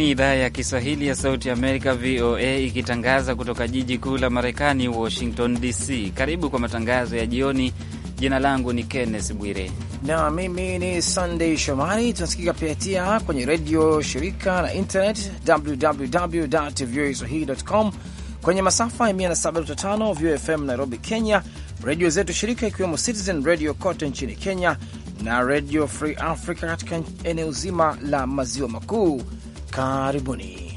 ni idhaa ya Kiswahili ya Sauti ya Amerika, VOA, ikitangaza kutoka jiji kuu la Marekani, Washington DC. Karibu kwa matangazo ya jioni. Jina langu ni Kenneth Bwire na mimi ni Sandey Shomari. Tunasikika pia kwenye redio shirika na internet www voa swahili.com, kwenye masafa ya 107.5 VFM Nairobi, Kenya, redio zetu shirika ikiwemo Citizen Radio kote nchini Kenya na Radio Free Africa katika eneo zima la maziwa makuu. Karibuni.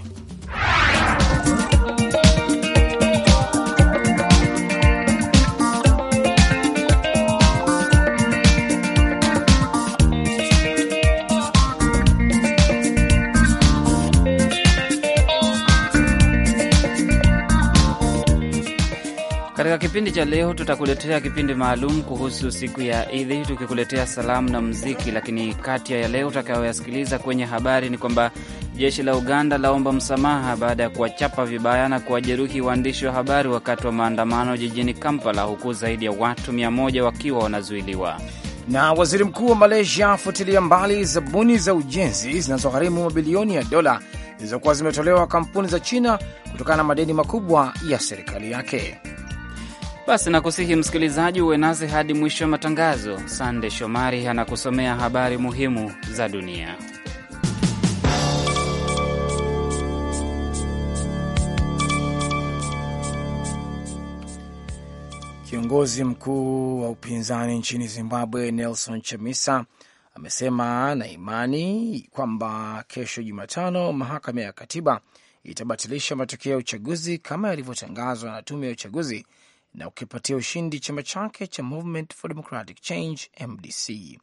Katika kipindi cha leo tutakuletea kipindi maalum kuhusu siku ya Idhi, tukikuletea salamu na mziki. Lakini kati ya yaleo utakayoyasikiliza kwenye habari ni kwamba jeshi la Uganda laomba msamaha baada ya kuwachapa vibaya na kuwajeruhi waandishi wa habari wakati wa maandamano jijini Kampala, huku zaidi ya watu 1 wakiwa wanazuiliwa. Na waziri mkuu wa Malaysia afutilia mbali zabuni za ujenzi zinazogharimu mabilioni ya dola zilizokuwa zimetolewa kampuni za China kutokana na madeni makubwa ya serikali yake. Basi nakusihi msikilizaji, uwe nasi hadi mwisho wa matangazo. Sande Shomari anakusomea habari muhimu za dunia. Kiongozi mkuu wa upinzani nchini Zimbabwe Nelson Chamisa amesema na imani kwamba kesho Jumatano mahakama ya katiba itabatilisha matokeo ya uchaguzi kama yalivyotangazwa na tume ya uchaguzi na ukipatia ushindi chama chake cha Movement for Democratic Change MDC.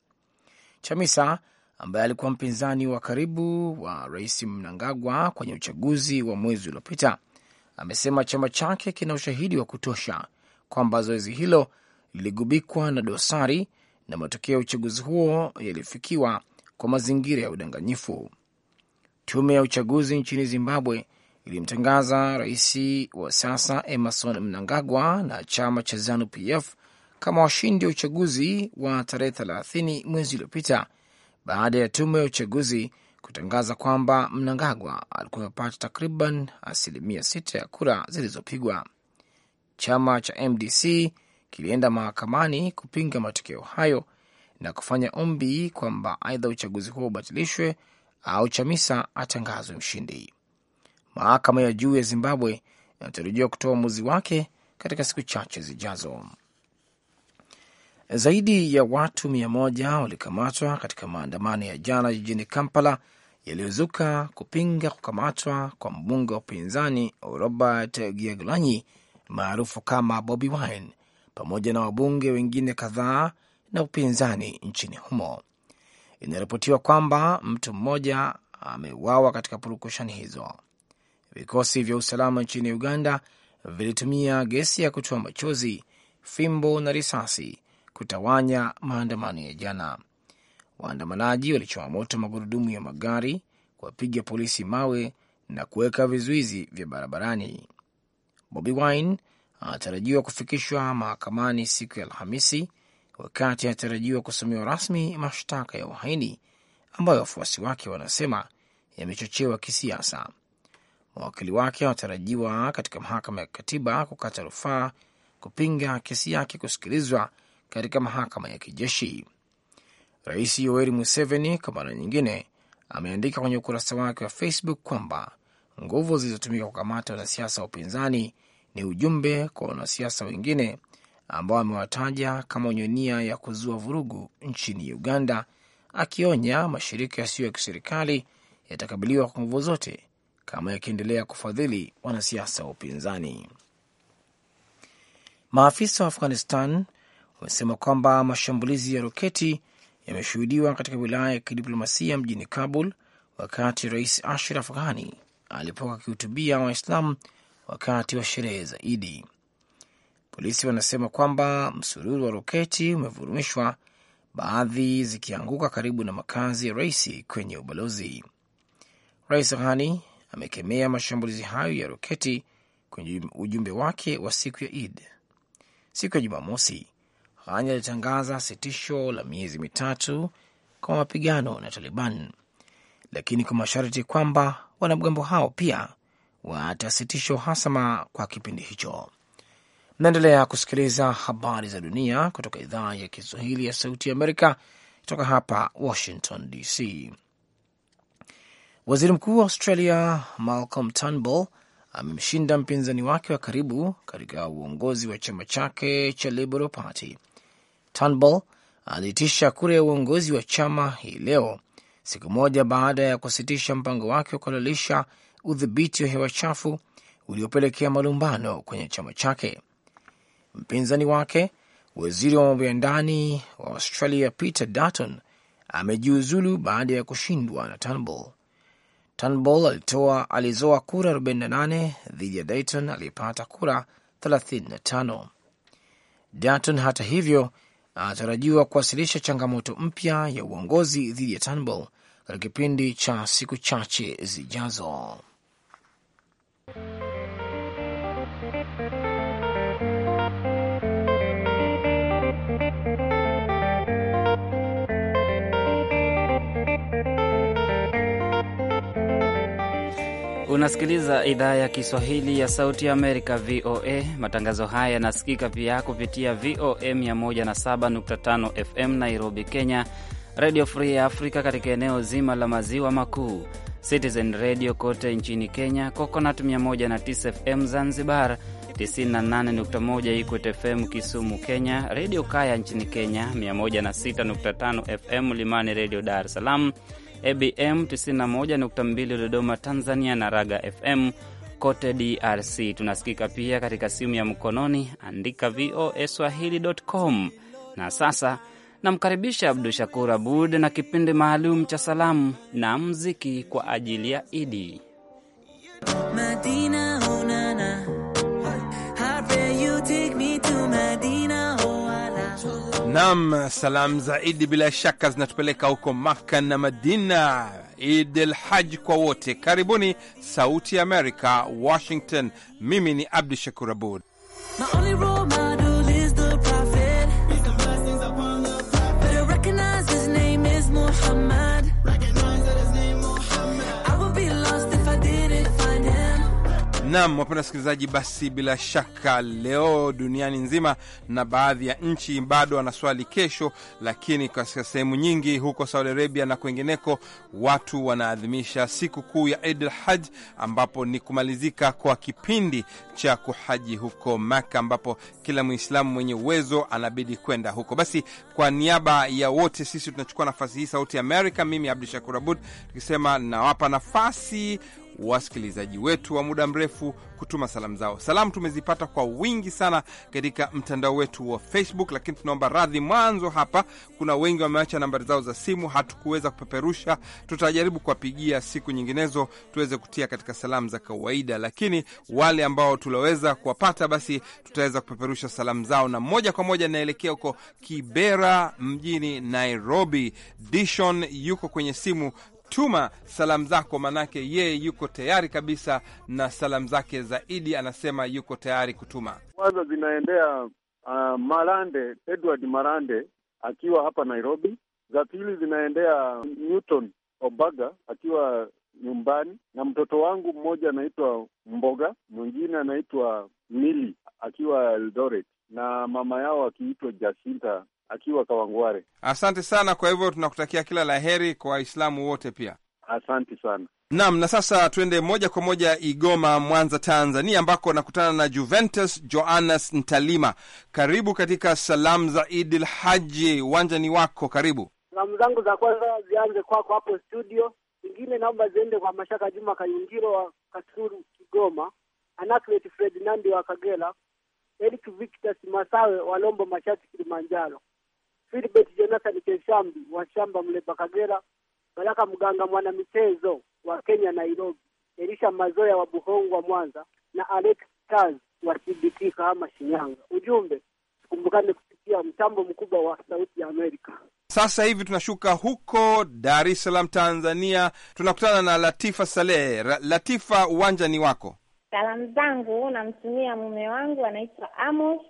Chamisa ambaye alikuwa mpinzani wa karibu wa Rais Mnangagwa kwenye uchaguzi wa mwezi uliopita amesema chama chake kina ushahidi wa kutosha kwamba zoezi hilo liligubikwa na dosari na matokeo ya uchaguzi huo yalifikiwa kwa mazingira ya udanganyifu. Tume ya uchaguzi nchini Zimbabwe ilimtangaza rais wa sasa Emerson Mnangagwa na chama cha ZANU PF kama washindi wa uchaguzi wa tarehe 30 mwezi uliopita baada ya tume ya uchaguzi kutangaza kwamba Mnangagwa alikuwa amepata takriban asilimia sita ya kura zilizopigwa. Chama cha MDC kilienda mahakamani kupinga matokeo hayo na kufanya ombi kwamba aidha uchaguzi huo ubatilishwe au Chamisa atangazwe mshindi. Mahakama ya juu ya Zimbabwe inatarajiwa kutoa uamuzi wake katika siku chache zijazo. Zaidi ya watu mia moja walikamatwa katika maandamano ya jana jijini Kampala yaliyozuka kupinga kukamatwa kwa mbunge wa upinzani Robert giagulanyi maarufu kama Bobi Wine pamoja na wabunge wengine kadhaa na upinzani nchini humo. Inaripotiwa kwamba mtu mmoja ameuawa katika purukushani hizo. Vikosi vya usalama nchini Uganda vilitumia gesi ya kutoa machozi, fimbo na risasi kutawanya maandamano ya jana. Waandamanaji walichoma moto magurudumu ya magari, kuwapiga polisi mawe na kuweka vizuizi vya barabarani. Bobi Wine anatarajiwa kufikishwa mahakamani siku ya Alhamisi, wakati anatarajiwa kusomewa rasmi mashtaka ya uhaini ambayo wafuasi wake wanasema yamechochewa kisiasa. Mawakili wake wanatarajiwa katika mahakama ya kikatiba kukata rufaa kupinga kesi yake kusikilizwa katika mahakama ya kijeshi. Rais Yoweri Museveni kwa mara nyingine ameandika kwenye ukurasa wake wa Facebook kwamba nguvu zilizotumika kukamata wanasiasa wa upinzani ni ujumbe kwa wanasiasa wengine ambao amewataja kama wenye nia ya kuzua vurugu nchini Uganda, akionya mashirika yasiyo ya kiserikali yatakabiliwa kwa nguvu zote kama yakiendelea kufadhili wanasiasa wa upinzani. Maafisa wa Afghanistan wamesema kwamba mashambulizi ya roketi yameshuhudiwa katika wilaya ya kidiplomasia mjini Kabul wakati Rais Ashraf Ghani alipokuwa akihutubia waislam wakati wa sherehe za Idi. Polisi wanasema kwamba msururu wa roketi umevurumishwa, baadhi zikianguka karibu na makazi ya rais kwenye ubalozi. Rais Ghani amekemea mashambulizi hayo ya roketi kwenye ujumbe wake wa siku ya Id. Siku ya Jumamosi, Ghani alitangaza sitisho la miezi mitatu kwa mapigano na Taliban, lakini kwa masharti kwamba wanamgambo hao pia watasitisha uhasama kwa kipindi hicho. Mnaendelea kusikiliza habari za dunia kutoka idhaa ya Kiswahili ya Sauti ya Amerika kutoka hapa Washington DC. Waziri mkuu wa Australia Malcolm Turnbull amemshinda mpinzani wake wa karibu katika uongozi wa chama chake cha Liberal Party. Turnbull aliitisha kura ya uongozi wa chama hii leo, siku moja baada ya kusitisha mpango wake wa kuhalalisha udhibiti wa hewa chafu uliopelekea malumbano kwenye chama chake. Mpinzani wake waziri wa mambo ya ndani wa Australia Peter Dutton amejiuzulu baada ya kushindwa na Turnbull. Turnbull alitoa alizoa kura 48 dhidi ya Dayton aliyepata kura 35. Dayton hata hivyo anatarajiwa kuwasilisha changamoto mpya ya uongozi dhidi ya Turnbull katika kipindi cha siku chache zijazo. Unasikiliza idhaa ya Kiswahili ya Sauti ya Amerika, VOA. Matangazo haya yanasikika pia kupitia VOA 107.5 FM Nairobi, Kenya, Redio Free Africa katika eneo zima la maziwa makuu, Citizen Radio kote nchini Kenya, Coconut 109 FM Zanzibar, 98.1 Ikwet FM Kisumu, Kenya, Redio Kaya nchini Kenya, 106.5 FM limani Redio Dar es Salaam, ABM 91.2 Dodoma Tanzania na Raga FM kote DRC. Tunasikika pia katika simu ya mkononi, andika VOA swahili.com. Na sasa namkaribisha Abdu Shakur Abud na kipindi maalum cha salamu na mziki kwa ajili ya Idi Madina, nam salamu za Idi bila shaka zinatupeleka huko Maka na Madina. Id el Haj kwa wote, karibuni. Sauti ya Amerika, Washington. Mimi ni Abdu Shakur Abud. Nam, wapenda wasikilizaji, basi bila shaka leo duniani nzima na baadhi ya nchi bado wanaswali kesho, lakini katika sehemu nyingi huko Saudi Arabia na kwengineko watu wanaadhimisha siku kuu ya Eid al-Hajj, ambapo ni kumalizika kwa kipindi cha kuhaji huko Maka, ambapo kila Mwislamu mwenye uwezo anabidi kwenda huko. Basi kwa niaba ya wote sisi tunachukua nafasi hii, Sauti Amerika, mimi Abdu Shakur Abud, tukisema nawapa nafasi wasikilizaji wetu wa muda mrefu kutuma salamu zao. Salamu tumezipata kwa wingi sana katika mtandao wetu wa Facebook, lakini tunaomba radhi mwanzo hapa, kuna wengi wameacha nambari zao za simu, hatukuweza kupeperusha. Tutajaribu kuwapigia siku nyinginezo tuweze kutia katika salamu za kawaida, lakini wale ambao tulaweza kuwapata, basi tutaweza kupeperusha salamu zao. Na moja kwa moja naelekea huko Kibera mjini Nairobi. Dishon yuko kwenye simu tuma salamu zako, manake yeye yuko tayari kabisa na salamu zake. Zaidi anasema yuko tayari kutuma. Kwanza zinaendea uh, Marande Edward Marande akiwa hapa Nairobi. Za pili zinaendea Newton Obaga akiwa nyumbani na mtoto wangu mmoja anaitwa Mboga, mwingine anaitwa Mili akiwa Eldoret, na mama yao akiitwa Jacinta akiwa Kawangware. Asante sana. Kwa hivyo tunakutakia kila la heri kwa Waislamu wote pia. Asante sana. Naam, na sasa tuende moja kwa moja Igoma, Mwanza, Tanzania, ambako nakutana na Juventus Joannes Ntalima. Karibu katika salamu za Idil Haji, uwanja ni wako. Karibu. Salamu zangu za kwanza zianze kwako kwa hapo studio, zingine naomba ziende kwa Mashaka Juma Kayungiro wa Kasuru, Kigoma, Anaclet Fredinandi wa Kagera, Eric Victor Simasawe wa Lombo Mashati, Kilimanjaro, Filbert Jonathan Keshambi wa Shamba Mleba Kagera, Baraka Mganga michezo wa Kenya Nairobi, Elisha Mazoya wa Buhongwa Mwanza na Alex Taz wa CBT Kahama Shinyanga. Ujumbe, tukumbukane kupitia mtambo mkubwa wa Sauti ya Amerika. Sasa hivi tunashuka huko Dar es Salaam, Tanzania, tunakutana na Latifa Saleh. Latifa, uwanja ni wako. Salamu zangu namtumia mume wangu anaitwa Amos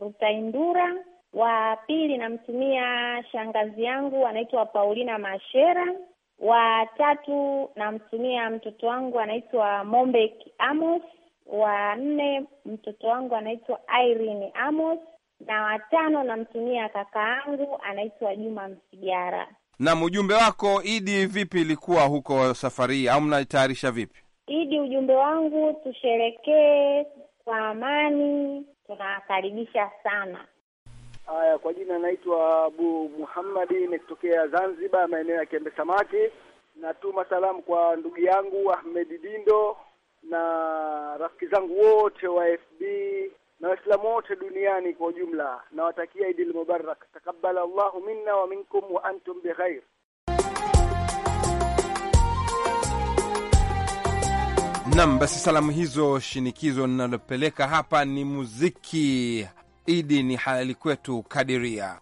Rutaindura wa pili namtumia shangazi yangu anaitwa Paulina Mashera, wa tatu namtumia mtoto wangu anaitwa Mombek Amos, wa nne mtoto wangu anaitwa Irene Amos na watano namtumia kaka yangu anaitwa Juma Msigara. Na ujumbe wako Idi vipi ilikuwa huko safari au mnatayarisha vipi? Idi, ujumbe wangu tusherekee kwa amani, tunawakaribisha sana. Haya, kwa jina naitwa Abu Muhammadi, nikitokea Zanzibar, maeneo ya Kiembe Samaki. Natuma salamu kwa ndugu yangu Ahmedi Dindo na rafiki zangu wote wa FB na Waislamu wote duniani kwa ujumla. Nawatakia Idil Mubarak, takabbala Allahu minna wa minkum wa antum bikhair. Nam, basi salamu hizo shinikizo linalopeleka hapa ni muziki Idi ni halali kwetu kadiria.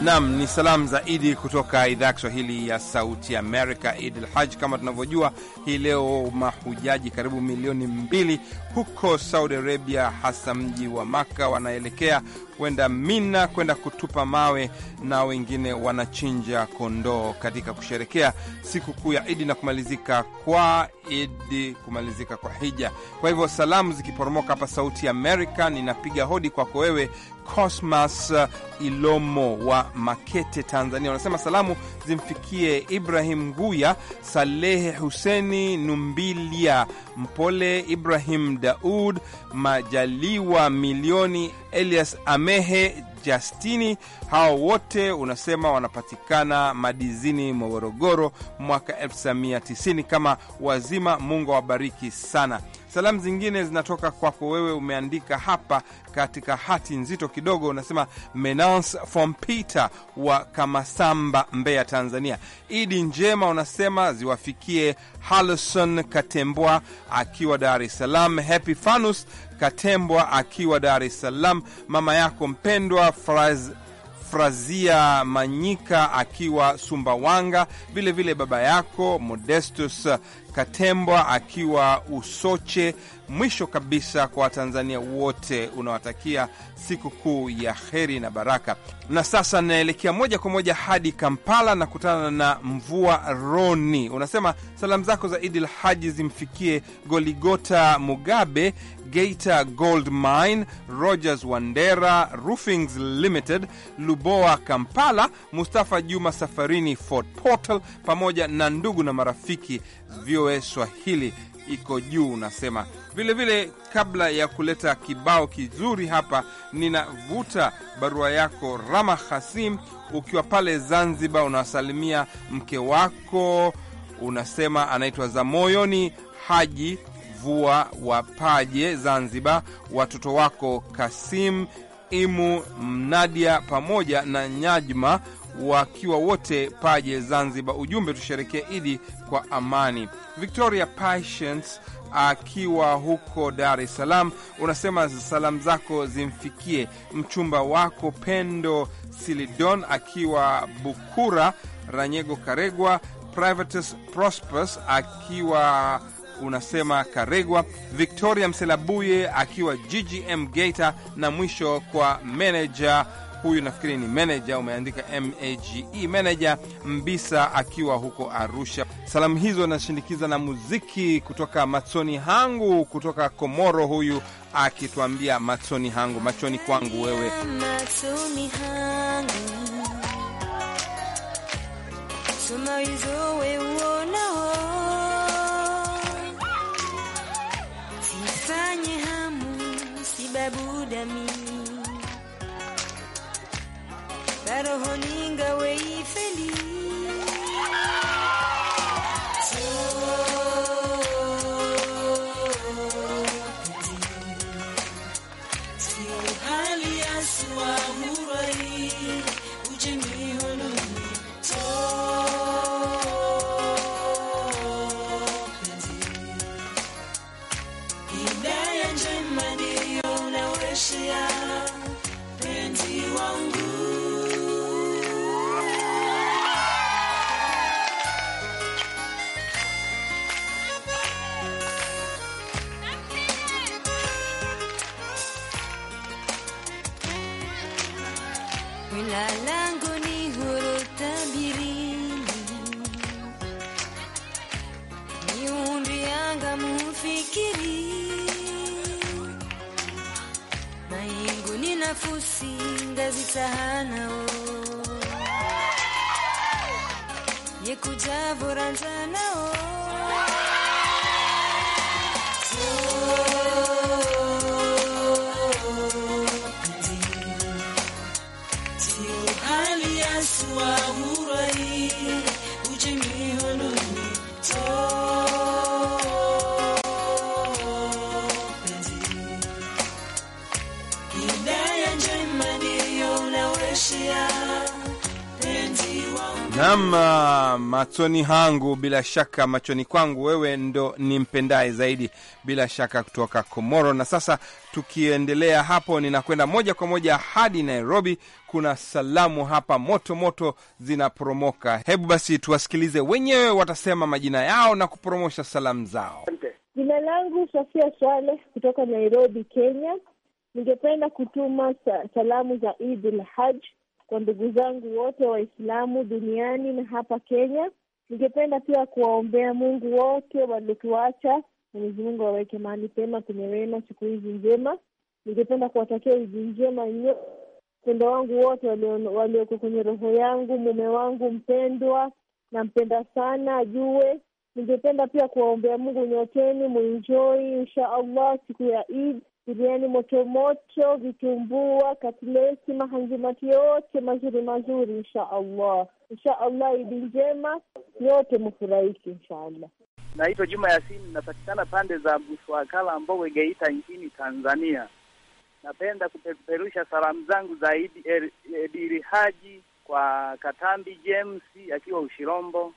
Nam ni salamu za Idi kutoka idhaa ya Kiswahili ya Sauti Amerika. id l Haj, kama tunavyojua, hii leo mahujaji karibu milioni mbili huko Saudi Arabia, hasa mji wa Maka, wanaelekea kwenda Mina kwenda kutupa mawe na wengine wanachinja kondoo katika kusherekea sikukuu ya Idi na kumalizika kwa Idi, kumalizika kwa hija. Kwa hivyo salamu zikiporomoka hapa Sauti Amerika, ninapiga hodi kwako wewe Cosmas Ilomo wa Makete, Tanzania. Unasema salamu zimfikie Ibrahim Guya, Salehe Huseni Numbilia, Mpole Ibrahim Daud, Majaliwa Milioni Elias Amehe Justini. Hawa wote unasema wanapatikana madizini Morogoro mwaka 1990 kama wazima. Mungu awabariki sana. Salamu zingine zinatoka kwako wewe, umeandika hapa katika hati nzito kidogo, unasema Menance from Peter wa Kamasamba, Mbeya, Tanzania. Idi njema unasema ziwafikie Halison Katembwa akiwa Dar es Salaam, Happy Fanus Katembwa akiwa Dar es Salaam, mama yako mpendwa Fraz Frazia Manyika akiwa Sumbawanga, vilevile vile baba yako Modestus Katembwa akiwa Usoche. Mwisho kabisa, kwa Watanzania wote unawatakia sikukuu ya heri na baraka. Na sasa naelekea moja kwa moja hadi Kampala na kutana na Mvua Roni. Unasema salamu zako za Idil Haji zimfikie Goligota Mugabe, Geita Gold Mine, Rogers Wandera Roofings Limited, Luboa Kampala, Mustafa Juma Safarini Fort Portal, pamoja na ndugu na marafiki. VOA Swahili iko juu unasema vilevile vile. Kabla ya kuleta kibao kizuri hapa, ninavuta barua yako Rama Hasim, ukiwa pale Zanzibar, unawasalimia mke wako, unasema anaitwa za moyoni Haji vua wapaje Zanzibar, watoto wako Kasim, Imu, Mnadia pamoja na Nyajma wakiwa wote paje Zanzibar. Ujumbe, tusherekee Idi kwa amani. Victoria Patience akiwa huko Dar es Salaam unasema salamu zako zimfikie mchumba wako Pendo Silidon akiwa Bukura, Ranyego Karegwa, Privatus Prosperus akiwa unasema Karegwa Victoria Mselabuye akiwa GGM Geita, na mwisho kwa meneja huyu nafikiri ni meneja, umeandika mage e, meneja Mbisa akiwa huko Arusha. Salamu hizo anashindikiza na muziki kutoka Matsoni Hangu kutoka Komoro, huyu akituambia Matsoni Hangu machoni kwangu wewe I'm Karo honinga wei feliz Nam, uh, machoni hangu bila shaka, machoni kwangu wewe ndo ni mpendaye zaidi, bila shaka, kutoka Komoro. Na sasa tukiendelea hapo, ninakwenda moja kwa moja hadi Nairobi. Kuna salamu hapa moto moto zinaporomoka. Hebu basi tuwasikilize wenyewe, watasema majina yao na kupromosha salamu zao. Jina langu Sofia Swale kutoka Nairobi, Kenya. Ningependa kutuma salamu za Idul Haj kwa ndugu zangu wote Waislamu duniani na hapa Kenya. Ningependa pia kuwaombea Mungu wote waliotuacha, Mwenyezi Mungu waweke mahali pema penye wema, siku hizi njema. Ningependa kuwatakia hizi njema nyo mpendo wangu wote walioko kwenye roho yangu, mume wangu mpendwa, nampenda sana ajue. Ningependa pia kuwaombea Mungu, nyoteni mwinjoi insha allah siku ya Idi biriani motomoto, vitumbua, katlesi, mahanjimati yote mazuri mazuri, insha Allah. Insha Allah, idi njema, nyote mfurahiki insha Allah. Naitwa Juma Yasini, napatikana pande za Buswakala, Mbowe, Geita nchini Tanzania. Napenda kupeperusha salamu zangu za Idi er, Haji kwa Katambi James akiwa Ushirombo,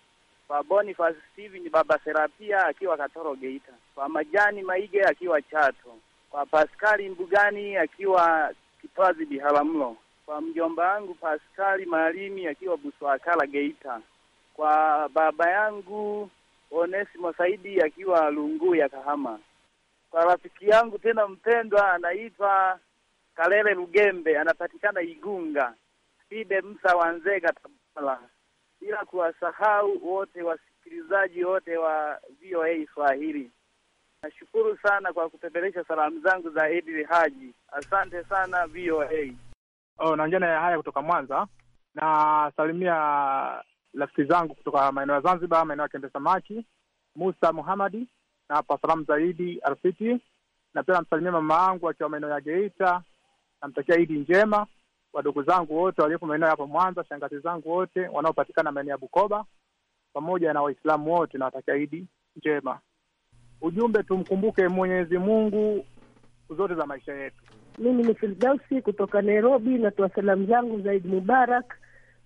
kwa Boniface Steven baba Serapia akiwa Katoro Geita, kwa Majani Maige akiwa Chato, kwa Paskali Mbugani akiwa Kipazi Biharamulo, kwa mjomba wangu Paskali Malimi akiwa Buswakala Geita, kwa baba yangu Onesimo Saidi akiwa Lungu ya Kahama, kwa rafiki yangu tena mpendwa anaitwa Kalele Lugembe anapatikana Igunga, Fide Msa Wanzega Tabala, bila kuwasahau wote wasikilizaji wote wa VOA Swahili. Nashukuru sana kwa kupeperesha salamu zangu za Idil Haji. Asante sana VOA. Oh, na njana haya kutoka Mwanza na salimia rafiki zangu kutoka maeneo ya Zanzibar, maeneo ya Kende Samaki, Musa Muhamadi na hapa salamu Idi Arfiti, na pia namsalimia mama yangu akiwa maeneo ya Geita, namtakia Idi njema. Wadogo zangu wote waliopo maeneo hapa Mwanza, shangazi zangu wote wanaopatikana maeneo ya Bukoba, pamoja na Waislamu wote nawatakia Idi njema ujumbe, tumkumbuke Mwenyezi Mungu zote za maisha yetu. Mimi ni Firdausi kutoka Nairobi, natoa salamu zangu za Mubarak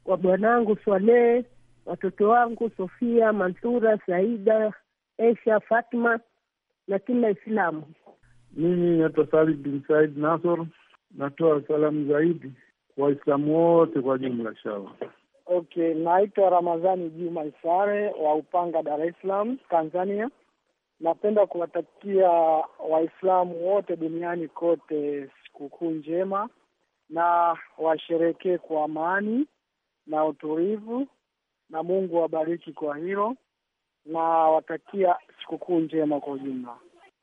kwa bwanangu Swalehe, watoto wangu Sofia, Mansura, Saida, Esha, Fatma na kila Islamu. Mimi naitwa Salib bin Said Nasor, natoa salamu zaidi kwa Waislamu wote kwa jumla. Shawa. Okay, naitwa Ramadhani Juma Isare wa Upanga, Dar es Salaam, Tanzania. Napenda kuwatakia Waislamu wote duniani kote sikukuu njema, na washerekee kwa amani na utulivu, na Mungu awabariki kwa hilo, na watakia sikukuu njema kwa ujumla.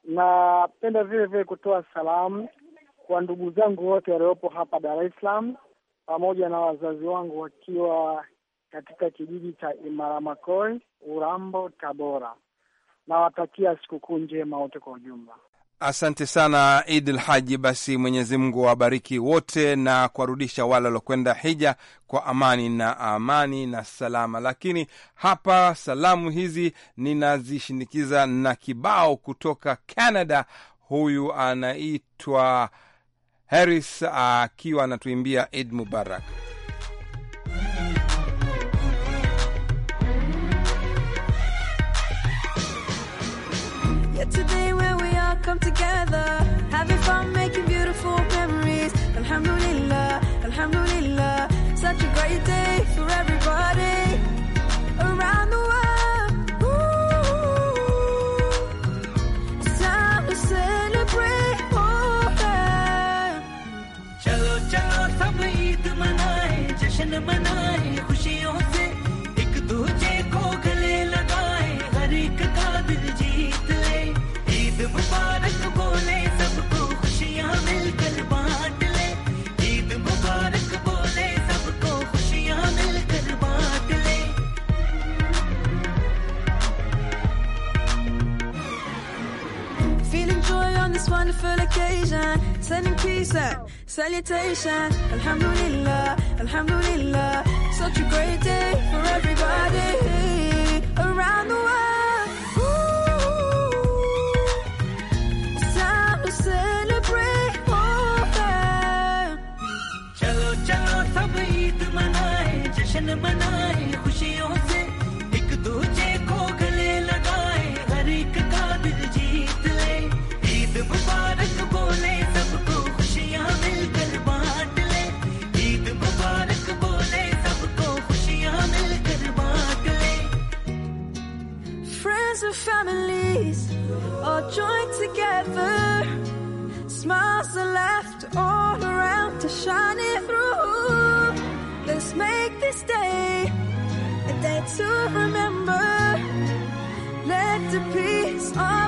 Napenda vile vile kutoa salamu kwa ndugu zangu wote waliopo hapa Dar es Salaam pamoja na wazazi wangu wakiwa katika kijiji cha Imaramakoi, Urambo, Tabora nawatakia sikukuu njema wote kwa ujumla. Asante sana id l Haji. Basi Mwenyezi Mungu awabariki wote na kuwarudisha wale waliokwenda hija kwa amani na amani na salama. Lakini hapa salamu hizi ninazishinikiza na kibao kutoka Canada. Huyu anaitwa Harris akiwa anatuimbia Id Mubarak. It's a we all come together, having fun, making beautiful memories. Alhamdulillah, Alhamdulillah, such a great day for everybody around the world. Ooh, time to celebrate this wonderful occasion. Sending peace and salutation. Alhamdulillah, Alhamdulillah. Such a great day for everybody around the world. Ooh, it's time to celebrate. Chalo, chalo, sab Eid manaye, jashan manaye. joined together. Smiles are left all around to shine it through. Let's make this day a day to remember. Let the peace on.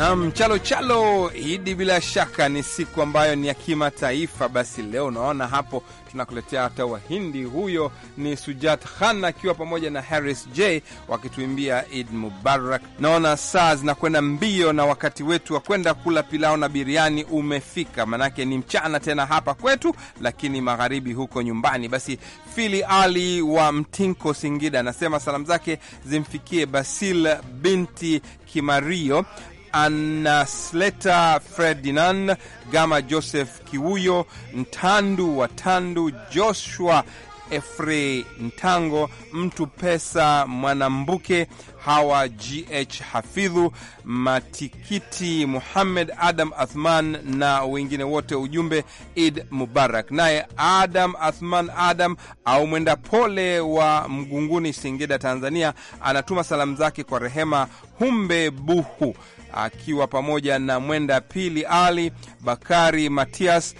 Nam chalo chalo hidi, bila shaka ni siku ambayo ni ya kimataifa. Basi leo unaona hapo tunakuletea hata Wahindi. Huyo ni Sujat Khan akiwa pamoja na Harris J wakituimbia Id Mubarak. Naona saa zinakwenda mbio na wakati wetu wa kwenda kula pilao na biriani umefika, manake ni mchana tena hapa kwetu, lakini magharibi huko nyumbani. Basi Fili Ali wa Mtinko, Singida, anasema salamu zake zimfikie Basil binti Kimario Anasleta Ferdinand Gama, Joseph Kiwuyo Ntandu Watandu, Joshua Efrey Ntango, Mtu Pesa Mwanambuke, Hawa GH Hafidhu Matikiti, Muhammed Adam Athman na wengine wote. Ujumbe Id Mubarak. Naye Adam Athman Adam au Mwenda Pole wa Mgunguni, Singida, Tanzania, anatuma salamu zake kwa Rehema Humbe Buhu akiwa pamoja na mwenda pili Ali Bakari Matias.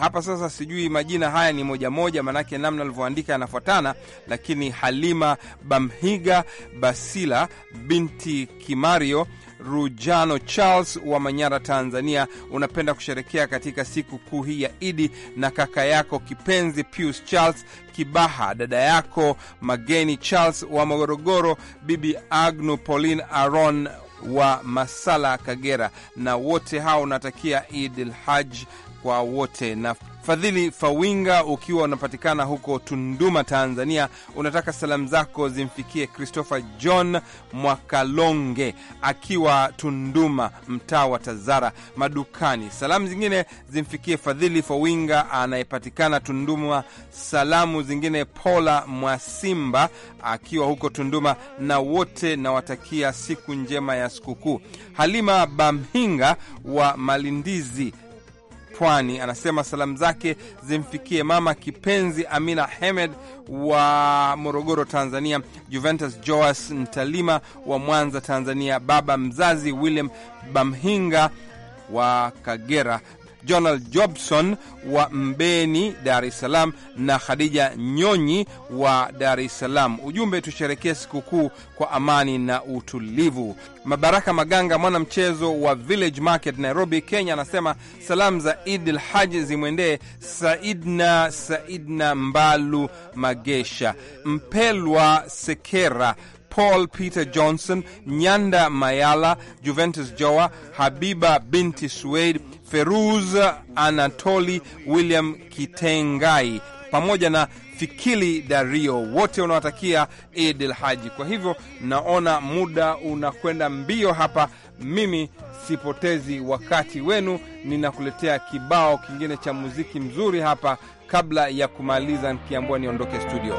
Hapa sasa sijui majina haya ni moja moja, manake namna alivyoandika yanafuatana, lakini Halima Bamhiga Basila binti Kimario Rujano Charles wa Manyara, Tanzania, unapenda kusherekea katika siku kuu hii ya Idi na kaka yako kipenzi Pius Charles Kibaha, dada yako Mageni Charles wa Morogoro, bibi Agnu Pauline Aron wa Masala, Kagera, na wote hao unatakia Idil Haj kwa wote na Fadhili Fawinga, ukiwa unapatikana huko Tunduma, Tanzania, unataka salamu zako zimfikie Christopher John Mwakalonge akiwa Tunduma, mtaa wa Tazara madukani. Salamu zingine zimfikie Fadhili Fawinga anayepatikana Tunduma. Salamu zingine Paula Mwasimba akiwa huko Tunduma, na wote nawatakia siku njema ya sikukuu. Halima Bamhinga wa Malindizi Pwani. Anasema salamu zake zimfikie mama kipenzi Amina Hemed wa Morogoro, Tanzania, Juventus Joas Ntalima wa Mwanza, Tanzania, baba mzazi William Bamhinga wa Kagera, Jonald Jobson wa Mbeni, Dar es Salaam, na Khadija Nyonyi wa Dar es Salaam. Ujumbe, tusherekee sikukuu kwa amani na utulivu. Mabaraka Maganga, mchezo wa Village Market, Nairobi, Kenya, anasema salamu za Idi l Haji zimwendee Saidna Saidna Mbalu Magesha, Mpelwa Sekera, Paul Peter Johnson, Nyanda Mayala, Juventus Joa, Habiba binti Sueid Feruz Anatoli, William Kitengai pamoja na Fikili Dario, wote unawatakia l Haji. Kwa hivyo naona muda unakwenda mbio hapa, mimi sipotezi wakati wenu, ninakuletea kibao kingine cha muziki mzuri hapa kabla ya kumaliza, nikiambiwa niondoke studio.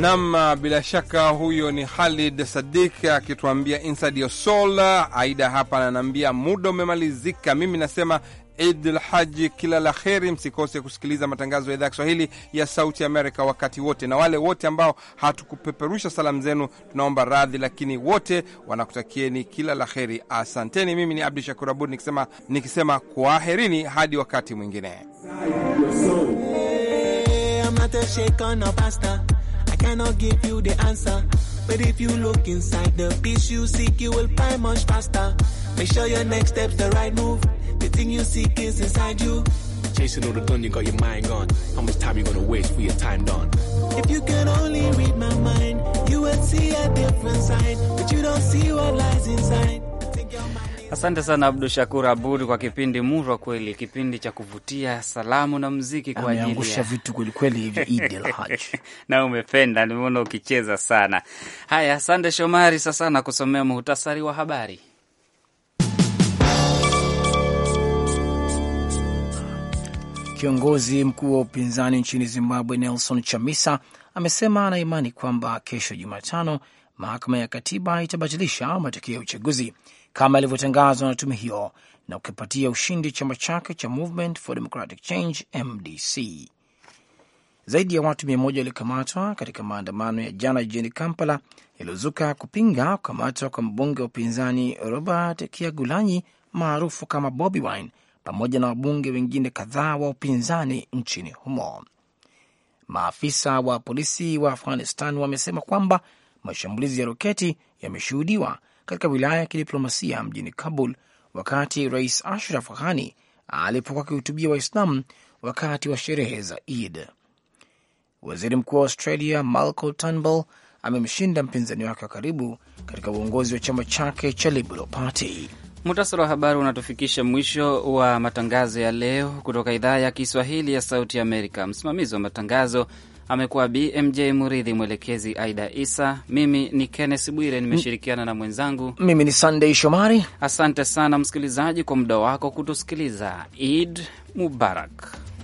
Nam, bila shaka huyo ni Khalid Sadik akituambia inside your soul. Aida hapa ananiambia muda umemalizika. Mimi nasema Id l Haji, kila la kheri. Msikose kusikiliza matangazo ya idhaa ya Kiswahili ya Sauti Amerika wakati wote, na wale wote ambao hatukupeperusha salamu zenu tunaomba radhi, lakini wote wanakutakieni kila la kheri. Asanteni. Mimi ni Abdu Shakur Abud nikisema, nikisema kwaherini hadi wakati mwingine. I cannot give you the answer. But if you look inside the peace you seek, you will find much faster. Make sure your next step's the right move. The thing you seek is inside you. Chasing all the gun, you got your mind gone. How much time you gonna waste for your time done? If you can only read my mind, you would see a different side. But you don't see what lies inside. Asante sana Abdu Shakur Abud kwa kipindi murwa kweli, kipindi cha kuvutia, salamu na mziki kwa ajili vitu kwelikweli hivi Idi na umependa, nimeona ukicheza sana. Haya, asante Shomari. Sasa na kusomea muhtasari wa habari. Kiongozi mkuu wa upinzani nchini Zimbabwe Nelson Chamisa amesema ana imani kwamba kesho Jumatano mahakama ya katiba itabatilisha matokeo ya uchaguzi kama ilivyotangazwa na tume hiyo na ukipatia ushindi chama chake cha Movement for Democratic Change MDC. Zaidi ya watu mia moja walikamatwa katika maandamano ya jana jijini Kampala yaliyozuka kupinga kukamatwa kwa mbunge wa upinzani Robert kiagulanyi maarufu kama Bobi Wine pamoja na wabunge wengine kadhaa wa upinzani nchini humo. Maafisa wa polisi wa Afghanistan wamesema kwamba mashambulizi ya roketi yameshuhudiwa katika wilaya ya kidiplomasia mjini Kabul wakati Rais Ashraf Ghani alipokuwa akihutubia Waislamu wakati wa sherehe za Eid. Waziri Mkuu wa Australia Malcolm Turnbull amemshinda mpinzani wake wa karibu katika uongozi wa chama chake cha Liberal Party. Muhtasari wa habari unatufikisha mwisho wa matangazo ya leo kutoka idhaa ya Kiswahili ya Sauti Amerika. Msimamizi wa matangazo amekuwa BMJ Muridhi, mwelekezi Aida Isa. Mimi ni Kenneth Bwire, nimeshirikiana na mwenzangu. Mimi ni Sunday Shomari. Asante sana msikilizaji kwa muda wako kutusikiliza. Eid Mubarak.